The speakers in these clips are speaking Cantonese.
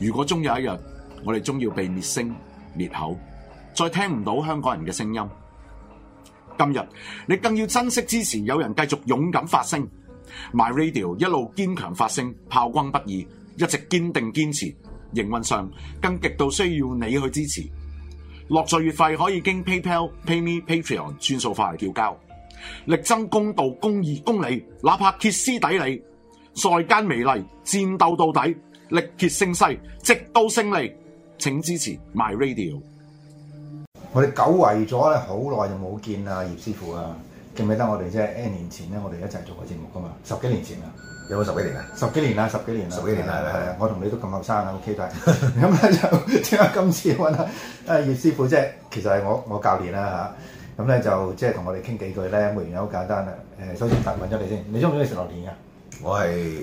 如果終有一日，我哋終要被滅聲滅口，再聽唔到香港人嘅聲音，今日你更要珍惜支持，有人繼續勇敢發聲，MyRadio 一路堅強發聲，炮轟不已，一直堅定堅持。營運上更極度需要你去支持，樂助月費可以經 PayPal、PayMe、Patreon 轉數化嚟繳交，力爭公道、公義、公理，哪怕歇斯底里，再間微利，戰鬥到底。力竭聲嘶，直到勝利！請支持 My Radio。我哋久違咗咧，好耐就冇見啦，葉師傅啊！記唔記得我哋即 N 年前咧，我哋一齊做過節目噶嘛？十幾年前啊！有冇十幾年啊？十幾年啦，十幾年啦，十幾、嗯、十幾年啦！係啊，我同你都咁後生啊，O K？但咁咧就點解今次揾阿阿葉師傅啫？其實係我我教練啦、啊、吓，咁咧就即係同我哋傾幾句咧，咁固然好簡單啦。誒，首先答問咗你先你，你中唔中意食榴蓮啊？我係，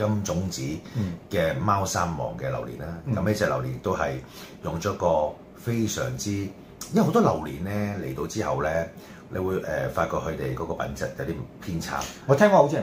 金種子嘅貓山王嘅榴蓮啦，咁呢、嗯、隻榴蓮都係用咗個非常之，因為好多榴蓮咧嚟到之後咧，你會誒、呃、發覺佢哋嗰個品質有啲偏差。我聽過好似係。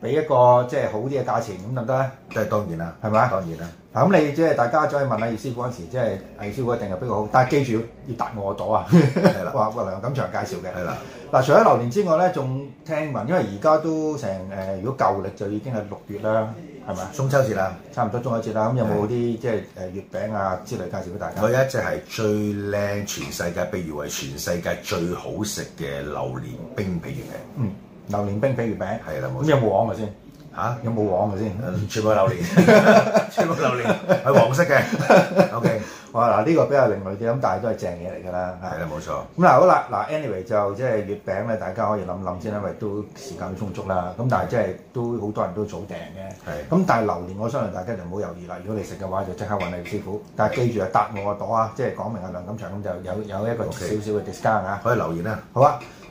俾一個即係好啲嘅價錢，咁得唔得咧？即係當然啦，係咪啊？當然啦。咁你即係大家再問下葉師傅嗰陣時，即係葉師傅一定係比較好。但係記住要搭我個朵啊！係 啦的，哇哇，梁錦祥介紹嘅。係啦的。嗱，除咗榴蓮之外咧，仲聽聞，因為而家都成誒、呃，如果舊歷就已經係六月啦，係咪啊？中秋節啦，差唔多中秋節啦。咁的有冇啲即係誒、呃、月餅啊之類介紹俾大家？我有一隻係最靚，全世界，被譽為全世界最好食嘅榴蓮冰皮月餅。嗯。榴蓮冰皮月餅係啦，咁有冇黃嘅先？嚇，有冇黃嘅先？全部榴蓮，全部榴蓮，係黃色嘅。OK，哇嗱，呢個比較另類啲，咁但係都係正嘢嚟㗎啦。係啦，冇錯。咁嗱，好啦，嗱，anyway 就即係月餅咧，大家可以諗諗先，因為都時間都充足啦。咁但係即係都好多人都早訂嘅。係。咁但係榴蓮，我相信大家就唔好猶豫啦。如果你食嘅話，就即刻揾你師傅。但係記住啊，搭我個朵啊，即係講明阿梁錦祥咁就有有一個少少嘅 discount 啊。可以留言啊，好啊。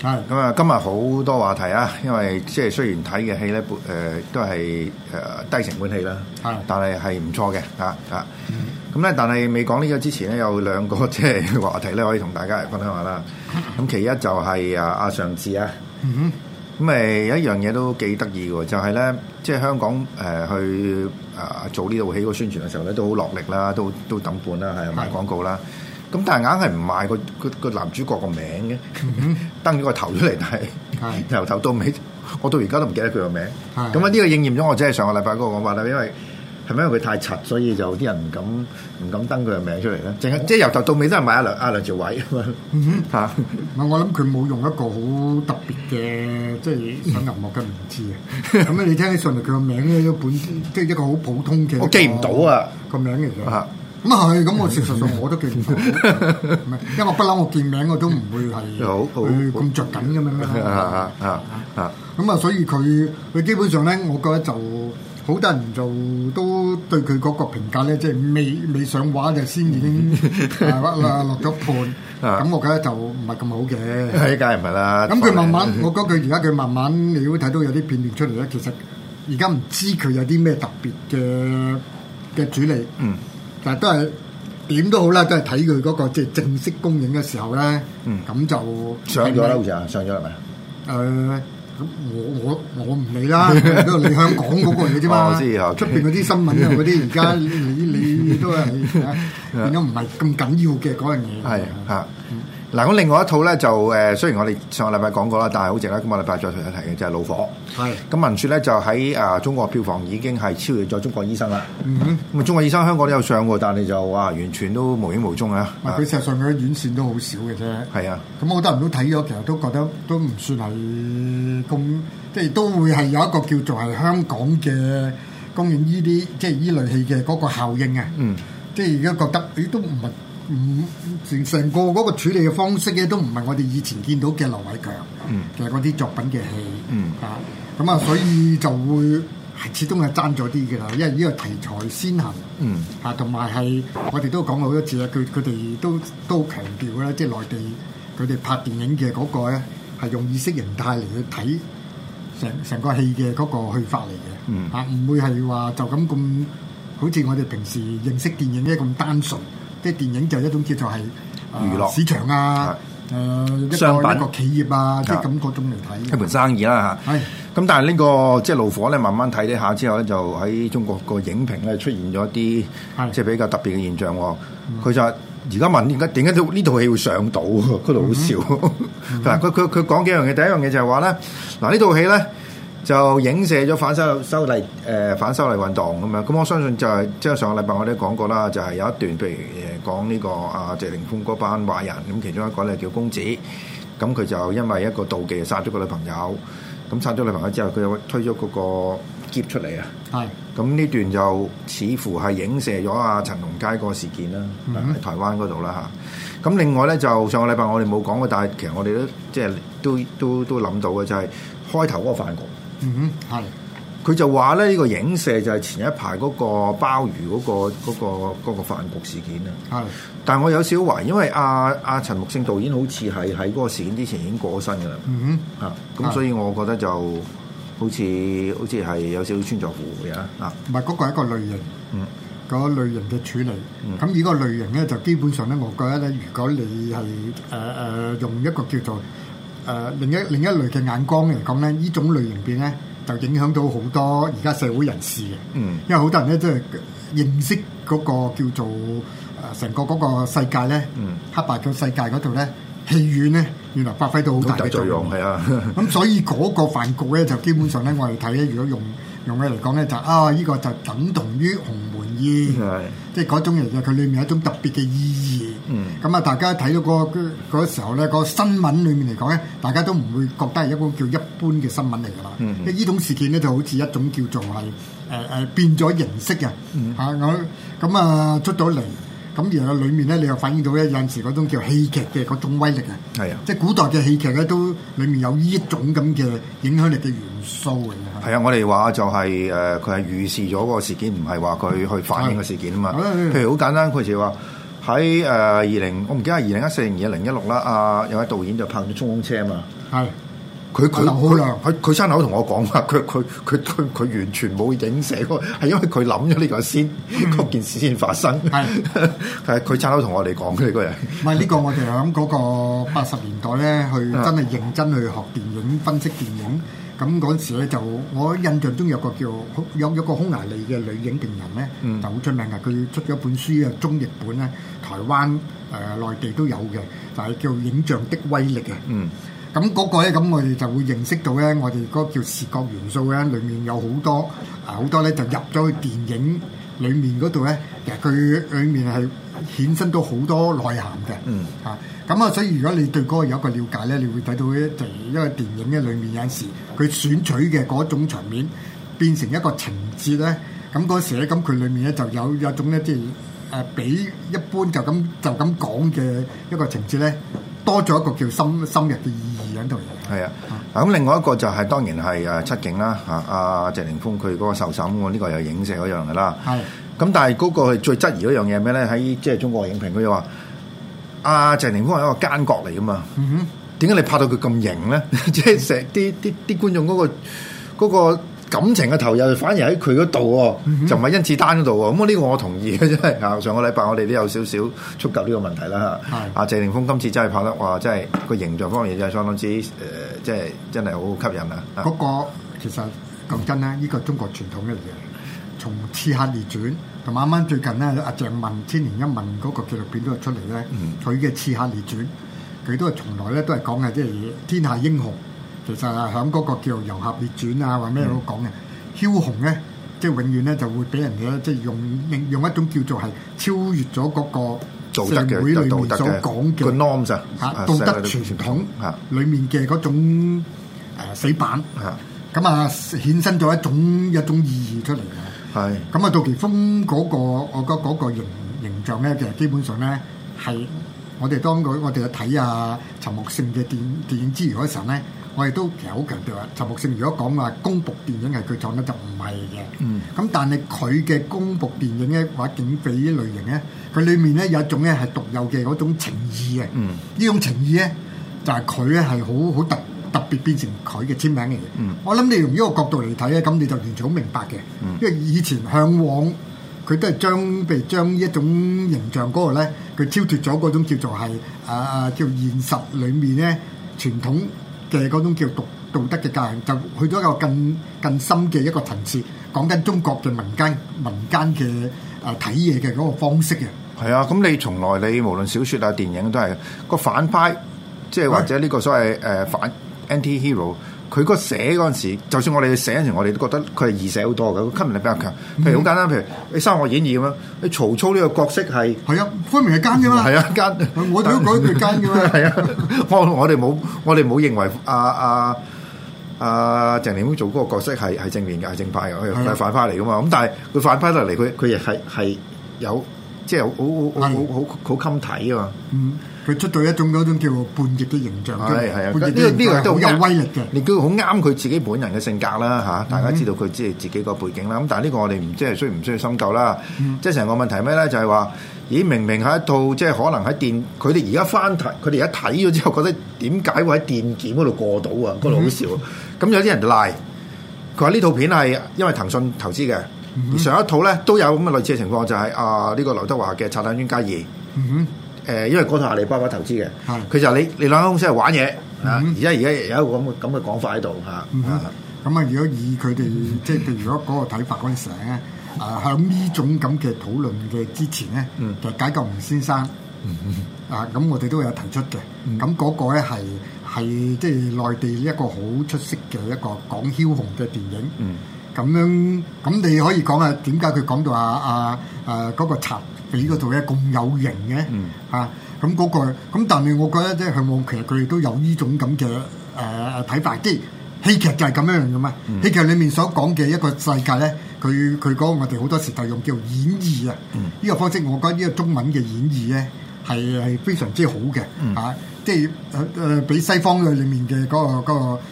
咁啊！今日好多話題啊，因為即係雖然睇嘅戲咧，誒都係誒低成本戲啦，是的 嗯、但係係唔錯嘅嚇嚇。咁咧，但係未講呢個之前咧，有兩個即係話題咧，可以同大家嚟分享下啦。咁其一就係啊阿上次啊，咁誒、嗯嗯、有一樣嘢都幾得意嘅，就係咧，即係香港誒去啊做呢套戲個宣傳嘅時候咧，都好落力啦，都都抌本啦，係賣廣告啦。咁但係硬係唔賣個個個男主角個名嘅，登咗個頭出嚟，但係由頭到尾，我到而家都唔記得佢個名。咁啊呢個應驗咗我即係上個禮拜嗰個講法啦，因為係咪因為佢太柒，所以就啲人唔敢唔敢登佢個名出嚟咧？淨係即係由頭到尾都係賣阿梁阿梁朝偉啊嘛。唔唔係我諗佢冇用一個好特別嘅，即係演人物嘅名字啊。咁 你聽起上嚟佢個、就是、個個個名咧，一本即係一個好普通嘅，我記唔到啊個名其實。咁啊咁我事實上我都見唔到，因為不嬲我見名我都唔會係好咁着緊咁樣咩？咁啊，所以佢佢基本上咧，我覺得就好多人就都對佢嗰個評價咧，即係未未上畫就先已經係話落咗盤。咁我覺得就唔係咁好嘅。依家唔係啦。咁佢慢慢，我覺得佢而家佢慢慢，你都睇到有啲變變出嚟咧。其實而家唔知佢有啲咩特別嘅嘅主力。嗯。但都係點都好啦，都係睇佢嗰個即係正式公映嘅時候咧，咁、嗯、就上咗啦，好似啊，上咗啦，咪啊、呃，咁我我我唔理啦， 都你香港嗰個嘅啫嘛，出邊嗰啲新聞啊，嗰啲而家你你都係變咗唔係咁緊要嘅嗰樣嘢，係啊 、嗯。嗱，咁另外一套咧就誒，雖然我哋上個禮拜講過啦，但係好正啦，今個禮拜再提一提嘅就係、是《怒火》是。係。咁文說咧就喺啊中國票房已經係超越咗《中國醫生》啦、嗯哼。嗯。咁《中國醫生》香港都有上喎，但係就哇、啊、完全都無影無蹤啊！咪佢事實上嘅院線都好少嘅啫。係啊。咁好多人都睇咗，其實都覺得都唔算係咁，即係都會係有一個叫做係香港嘅供應依啲即係依類戲嘅嗰個效應啊。嗯。即係而家覺得，咦都唔係。唔成成個嗰個處理嘅方式咧，都唔係我哋以前見到嘅劉偉強嘅嗰啲作品嘅戲啊，咁、嗯、啊，所以就會係始終係爭咗啲嘅啦。因為呢個題材先行，嚇同埋係我哋都講過好多次啦。佢佢哋都都強調啦，即係內地佢哋拍電影嘅嗰個咧，係用意識形態嚟去睇成成個戲嘅嗰個去法嚟嘅，嚇唔、嗯啊、會係話就咁咁好似我哋平時認識電影咧咁單純。即係電影就一種叫做係娛樂市場啊，誒，一個個企業啊，即係咁嗰種嚟睇，的的一門生意啦吓。係是的、這個，咁但係呢個即係爐火咧，慢慢睇呢下之後咧，就喺中國個影評咧出現咗啲即係比較特別嘅現象。佢、哦、是的 就而家問點解點解呢套呢套戲會上到，嗰度好笑。嗱、嗯嗯嗯， 佢佢佢講幾樣嘢，第一樣嘢就係話咧，嗱呢套戲咧。就影射咗反修修例，誒、呃、反修例運動咁樣，咁我相信就係即係上個禮拜我哋講過啦，就係、是、有一段譬如誒講呢個啊謝霆鋒嗰班壞人，咁其中一個咧叫公子，咁佢就因為一個妒忌殺咗個女朋友，咁殺咗女朋友之後，佢又推咗嗰個篋出嚟啊，係是，咁呢段就似乎係影射咗阿、啊、陳龍佳個事件啦，喺、mm hmm. 台灣嗰度啦嚇。咁另外咧就上個禮拜我哋冇講過，但係其實我哋都即係都都都諗到嘅、就是，就係開頭嗰個飯嗯哼，係，佢就話咧呢個影射就係前一排嗰個鮑魚嗰個嗰個嗰個飯局事件啊。係是，但我有少懷疑，因為阿、啊、阿、啊啊、陳木勝導演好似係喺嗰個事件之前已經過咗身噶啦。嗯哼，啊，咁所以我覺得就好似是好似係有少少穿錯褲啊。啊，唔係嗰個係一個類型，嗯，嗰類型嘅處理，嗯，咁依個類型咧就基本上咧，我覺得咧，如果你係誒誒用一個叫做誒、呃、另一另一類嘅眼光嚟講咧，呢種類型片咧就影響到好多而家社會人士嘅，嗯，因為好多人咧都係認識個叫做誒成個個世界咧，嗯，黑白嘅世界度咧戲院咧原來發揮到好大嘅作用係啊，咁所以個飯局咧就基本上咧我哋睇咧，嗯、如果用用嘅嚟講咧就啊呢、這個就等同於鴻門宴，即係、嗯嗯嗯、種種其實佢裏面有一種特別嘅意義。嗯，咁啊，大家睇到嗰嗰時候咧，個新聞裏面嚟講咧，大家都唔會覺得係一個叫一般嘅新聞嚟噶啦。嗯，呢種事件咧就好似一種叫做係誒誒變咗形式嘅，嚇咁咁啊，啊出咗嚟，咁然後裏面咧你又反映到咧有陣時嗰種叫戲劇嘅嗰種威力啊，係啊，即係古代嘅戲劇咧都裏面有呢一種咁嘅影響力嘅元素嘅。係啊，我哋話就係誒佢係預示咗個事件，唔係話佢去反映個事件啊嘛。啊譬如好簡單，佢就話。喺誒二零，uh, 20, 我唔記得係二零一四、年，二零一六啦。阿有位導演就拍咗《衝鋒車》啊嘛的。係他，佢佢佢佢佢親口同我講啊，佢佢佢佢佢完全冇影寫喎，係因為佢諗咗呢個先，嗰件、嗯、事先發生。係的，係佢親口同我哋講佢呢個人。唔係呢個，我哋喺嗰個八十年代咧，去真係認真去學電影分析電影。咁嗰時咧就，我印象中有個叫有有個匈牙利嘅女影評人咧，嗯、就好出名嘅。佢出咗本書啊，中譯本咧，台灣誒、呃、內地都有嘅，就係叫《影像的威力》嘅、嗯。咁嗰個咧，咁我哋就會認識到咧，我哋嗰個叫視覺元素咧，裡面有好多啊，好多咧就入咗去電影。裡面嗰度咧，其實佢裏面係衍生到好多內涵嘅，嚇、嗯。咁啊，所以如果你對嗰個有一個了解咧，你會睇到咧就因為電影咧裏面有陣時，佢選取嘅嗰種場面變成一個情節咧，咁嗰時咧咁佢裏面咧就有一種咧，即係誒比一般就咁就咁講嘅一個情節咧。多咗一個叫深深入嘅意義喺度嘅。係啊，咁、嗯啊、另外一個就係、是、當然係誒七警啦。阿阿、啊啊、謝霆鋒佢嗰個受審喎，呢、這個又影射嗰樣嘅啦。係的。咁、啊、但係嗰個最質疑嗰樣嘢係咩咧？喺即係中國影評嗰啲話，阿、啊、謝霆鋒係一個奸角嚟噶嘛？嗯、哼，點解你拍到佢咁型咧？即係成啲啲啲觀眾嗰個嗰個。那個感情嘅投入反而喺佢嗰度就唔係甄子丹嗰度咁呢個我同意嘅，真係啊，上個禮拜我哋都有少少觸及呢個問題啦。係是啊，謝霆鋒今次真係拍得哇，真係個形象方面真係相當之誒即係真係好，好吸引啊！那個其實夠真啦，呢、這個中國傳統嘅嘢，從刺客列傳同啱啱最近咧，阿鄭問千年一問嗰個紀錄片都出嚟咧，佢嘅，嗯《刺客列傳佢都係從來咧都係講嘅即係天下英雄。其實係喺嗰個叫做遊俠列傳啊，或咩都講嘅，梟、嗯、雄咧，即係永遠咧就會俾人咧，即係用用一種叫做係超越咗嗰個社會裏面所講嘅 norm 啊，道德傳統啊，裏面嘅嗰種死板，係啊、嗯，咁啊衍生咗一種一種意義出嚟嘅，係的。咁啊、那個，杜琪峰嗰個我覺得嗰個形形象咧，其實基本上咧係我哋當佢我哋去睇啊陳木勝嘅電電影之餘嗰時候咧。我哋都其實好強調話，陳木勝如果講話公僕電影係佢創嘅就唔係嘅。咁、嗯、但係佢嘅公僕電影咧，或者警匪呢類型咧，佢裡面咧有一種咧係獨有嘅嗰種情意嘅。呢、嗯、種情意咧就係佢咧係好好特特別變成佢嘅簽名嚟嘅嘢。嗯、我諗你用呢個角度嚟睇咧，咁你就完全好明白嘅。因為以前向往佢都係將譬如將呢一種形象嗰、嗰個咧，佢超脱咗嗰種叫做係啊叫現實裡面咧傳統。嘅嗰種叫道道德嘅教養，就去到一個更更深嘅一個層次，講緊中國對民間民間嘅誒睇嘢嘅嗰個方式嘅。係啊，咁你從來你無論小說啊、電影都係個反派，即係或者呢個所謂誒反 antihero。佢個寫嗰陣時，就算我哋寫嗰陣時候，我哋都覺得佢係易寫好多嘅，佢吸引力比較強。譬如好簡單，嗯、譬如《三國演義》咁樣，你曹操呢個角色係係啊，分明係奸嘅嘛，係、嗯、啊，奸，我奸 啊。我點佢奸嘅嘛？啊，我我哋冇我哋冇認為阿阿阿鄭麗英做嗰個角色係係正面嘅，係正派嘅，係反派嚟噶嘛。咁但係佢反派嚟嚟，佢佢亦係係有即係好好好好好襟睇嘅嘛。佢出到一種嗰種叫做叛逆的形象，係係啊，呢個呢個都好有威力嘅，亦都好啱佢自己本人嘅性格啦嚇。大家知道佢即係自己個背景啦。咁、mm hmm. 但係呢個我哋唔即係需唔需要深究啦？即係成個問題咩咧？就係、是、話，咦明明係一套即係、就是、可能喺電，佢哋而家翻睇，佢哋而家睇咗之後，覺得點解會喺電檢嗰度過到啊？嗰度好少。咁、mm hmm. 有啲人就賴，佢話呢套片係因為騰訊投資嘅，mm hmm. 而上一套咧都有咁嘅類似嘅情況，就係、是、啊呢、這個劉德華嘅《拆彈專家二》hmm. mm。Hmm. 誒，因為嗰套阿里巴巴投資嘅，佢就你你兩間公司嚟玩嘢。而家而家有一個咁嘅咁嘅講法喺度嚇。咁啊，如果以佢哋即係如果嗰個睇法嗰陣時咧，啊喺呢種咁嘅討論嘅之前咧，就、嗯、解救吳先生啊。咁我哋都有提出嘅。咁嗰、嗯、個咧係係即係內地一個好出色嘅一個講梟雄嘅電影。咁、嗯、樣咁你可以講下點解佢講到啊啊誒嗰、啊那個賊？俾嗰度咧咁有型嘅，嚇咁嗰個咁，但係我覺得即係向往，其實佢哋都有呢種咁嘅誒睇法。即係戲劇就係咁樣樣嘅嘛。嗯、戲劇裏面所講嘅一個世界咧，佢佢講我哋好多時就用叫做演義啊。呢、嗯、個方式，我覺得呢個中文嘅演義咧係係非常之好嘅，嚇、嗯啊、即係誒誒，比西方嘅裏面嘅嗰、嗰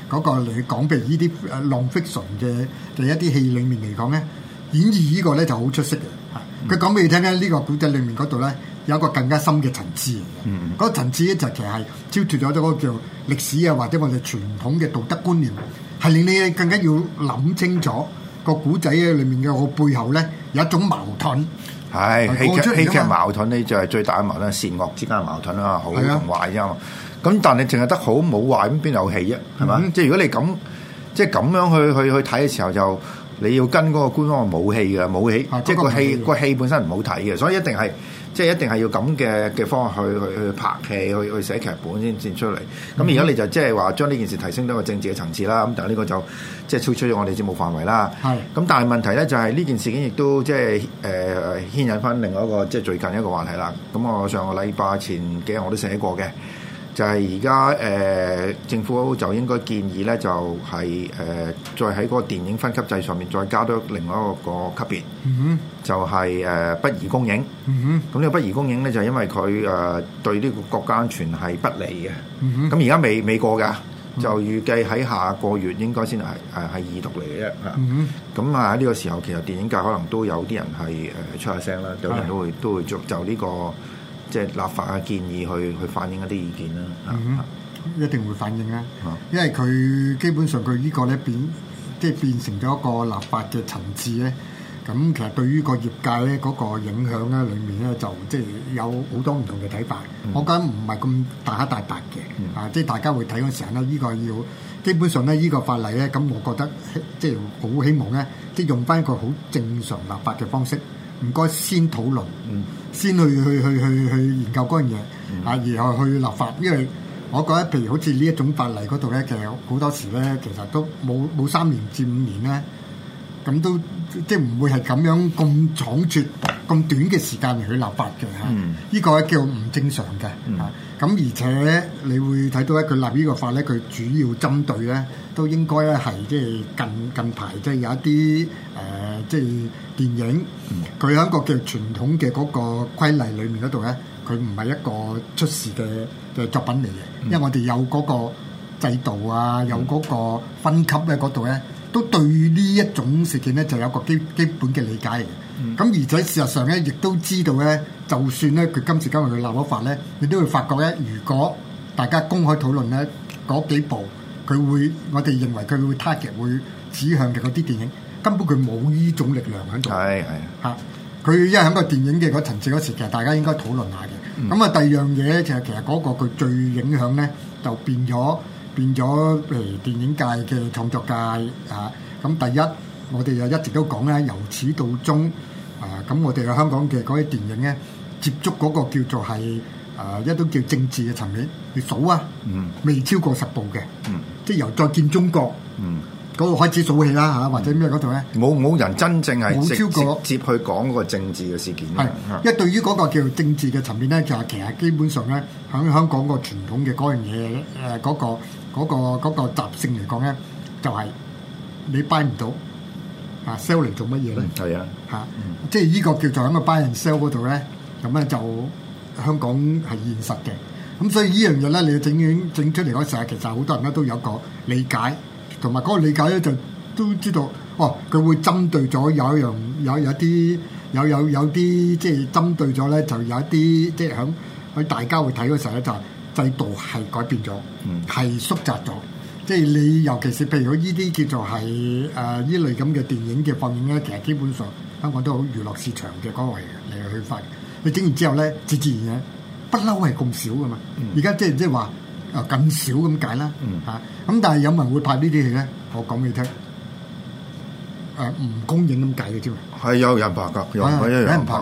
個嗰個嚟講，譬、嗰個嗰個、如依啲誒 non-fiction 嘅第一啲戲裏面嚟講咧，演義呢個咧就好出色嘅。佢講俾你聽咧，呢、這個古仔裏面嗰度咧有一個更加深嘅層次嘅，嗰、嗯、層次咧就其實係超脫咗咗嗰個叫歷史啊，或者我哋傳統嘅道德觀念，係令你更加要諗清楚個古仔啊裏面嘅個背後咧有一種矛盾唉，係，戲劇，戲劇矛盾呢，就係最大嘅矛盾，善惡之間嘅矛盾啊，好同壞啊嘛。咁但係你淨係得好冇壞，咁邊有戲啫？係嘛？嗯、即係如果你咁，即係咁樣去去去睇嘅時候就。你要跟嗰個官方嘅武器嘅武器，是即係個戲個戲，個戲本身唔好睇嘅，所以一定係即係一定係要咁嘅嘅方法去去，去拍戲去去寫劇本先先出嚟。咁而家你就即係話將呢件事提升到個政治嘅層次啦。咁但係呢個就即係超出咗我哋節目範圍啦。係咁是，但係問題咧就係呢件事件亦都即係誒牽引翻另外一個即係、就是、最近一個話題啦。咁我上個禮拜前幾日我都寫過嘅。就係而家誒政府就應該建議咧，就係、是、誒、呃、再喺嗰個電影分級制上面再加多另外一個個級別，mm hmm. 就係、是、誒、呃、不宜公映。咁呢、mm hmm. 個不宜公映咧，就是、因為佢誒、呃、對呢個國家安全係不利嘅。咁而家未未過嘅，就預計喺下個月應該先係誒係二讀嚟嘅啫。咁啊喺呢、啊 mm hmm. 個時候，其實電影界可能都有啲人係誒、呃、出下聲啦，有的人都會都會著就呢、這個。即係立法嘅建議，去去反映一啲意見啦。嗯啊、一定會反映啦、啊，啊、因為佢基本上佢呢個咧變，即係變成咗一個立法嘅層次咧。咁其實對於個業界咧嗰個影響咧，裡面咧就即係有好多唔同嘅睇法。嗯、我覺得唔係咁大一大白嘅，嗯、啊，即係大家會睇嘅時候咧，呢個要基本上咧呢個法例咧，咁我覺得即係好希望咧，即係用翻一個好正常立法嘅方式，唔該先討論。嗯先去去去去去研究嗰樣嘢，嚇，然後去立法，因為我覺得譬如好似呢一種法例嗰度咧，其實好多時咧，其實都冇冇三年至五年咧，咁都。即係唔會係咁樣咁倉卒咁短嘅時間嚟去立法嘅呢，呢個叫唔正常嘅嚇。咁、嗯、而且你會睇到咧佢立呢個法咧，佢主要針對咧，都應該咧係即係近近排即係有一啲誒、呃、即係電影，佢有、嗯、一個叫傳統嘅嗰個規例裡面嗰度咧，佢唔係一個出事嘅嘅作品嚟嘅，嗯、因為我哋有嗰個制度啊，有嗰個分級咧嗰度咧。都對呢一種事件咧，就有個基基本嘅理解嘅。咁、嗯、而且事實上咧，亦都知道咧，就算咧佢今時今日佢立咗法咧，你都會發覺咧，如果大家公開討論咧嗰幾部，佢會我哋認為佢會 target 會指向嘅嗰啲電影，根本佢冇呢種力量喺度。係係嚇，佢、啊、因為喺個電影嘅嗰層次嗰時，其實大家應該討論下嘅。咁啊、嗯，第二樣嘢就係其實嗰、那個佢最影響咧，就變咗。變咗譬如電影界嘅創作界啊！咁第一，我哋就一直都講咧，由始到終啊！咁我哋嘅香港嘅嗰啲電影咧，接觸嗰個叫做係啊，一都叫政治嘅層面，你數啊，嗯，未超過十部嘅，嗯，即係由再見中國，嗯，嗰度開始數起啦嚇，或者咩嗰度咧，冇冇人真正係冇超過接去講嗰個政治嘅事件啊！一對於嗰個叫做政治嘅層面咧，就係其實基本上咧，響香港個傳統嘅嗰樣嘢誒嗰個。嗰個嗰個習性嚟講咧，就係你 buy 唔到啊，sell 嚟做乜嘢咧？係啊，吓、嗯啊，即係呢個叫做喺個 buy and sell 嗰度咧，咁咧就香港係現實嘅。咁所以呢樣嘢咧，你整完整出嚟嗰時候，其實好多人咧都有個理解，同埋嗰個理解咧就都知道，哦，佢會針對咗有一樣有有啲有有有啲即係針對咗咧，就有一啲即係響喺大家會睇嗰時咧就係。制度係改變咗，係縮窄咗。即係你，尤其是譬如呢啲叫做係誒呢類咁嘅電影嘅放映咧，其實基本上，香、啊、港都好娛樂市場嘅崗位嚟去發。你整完之後咧，自自然然不嬲係咁少噶嘛。而家、嗯、即係即係話、呃嗯、啊，咁少咁解啦。嚇，咁但係有冇人會拍戲呢啲戲咧？我講畀你聽。誒唔、啊、公映咁計嘅啫喎，係有人拍噶，有人拍嘅，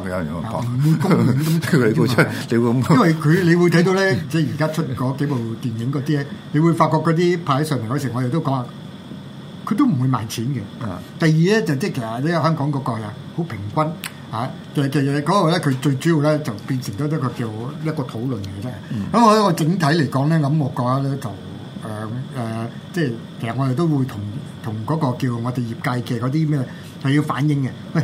有人拍。唔公映咁， 你會真，你因為佢，你會睇到咧，即係而家出嗰幾部電影嗰啲咧，你會發覺嗰啲拍喺上面嗰時，我哋都講啊，佢都唔會賣錢嘅。嗯、第二咧就即、是、係其實咧香港嗰個啦，好平均嚇、啊，其實其實嗰個咧佢最主要咧就變成咗一個叫一個討論嚟嘅。咁、嗯、我一個整體嚟講咧，咁、嗯、我覺得咧就。誒、呃，即係其實我哋都會同同嗰個叫我哋業界嘅嗰啲咩係要反映嘅，喂，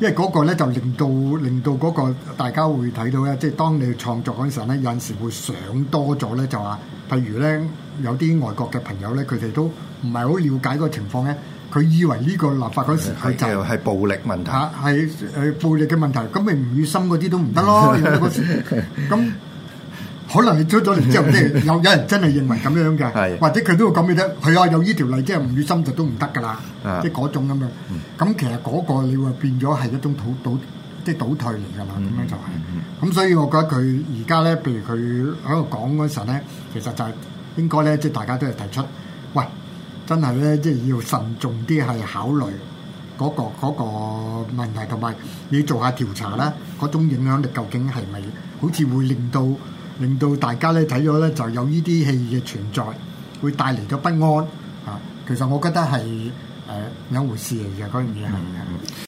因為嗰個咧就令到令到嗰個大家會睇到咧，即係當你創作嗰陣時咧，有陣時會想多咗咧，就話，譬如咧有啲外國嘅朋友咧，佢哋都唔係好了解嗰個情況咧，佢以為呢個立法嗰時佢就係暴力問題嚇，係誒、啊、暴力嘅問題，咁咪唔小心嗰啲都唔得咯，咁。 可能你出咗嚟之後咧，有有人真係認為咁樣嘅， 對 或者佢都會咁嘅啫。係、就、啊、是，有呢條例即係吳宇森就都唔得㗎啦，即係嗰種咁樣。咁、嗯、其實嗰個你話變咗係一種倒倒即係倒退嚟㗎啦，咁、就是、樣就係。咁、嗯、所以我覺得佢而家咧，譬如佢喺度講嗰陣咧，其實就係應該咧，即係大家都係提出，喂，真係咧即係要慎重啲係考慮嗰、那個嗰、那個問題，同埋你做下調查啦。嗰種影響力究竟係咪好似會令到？令到大家咧睇咗咧，就有呢啲戲嘅存在，會帶嚟咗不安啊！其實我覺得係誒兩回事嚟嘅，咁、呃、樣。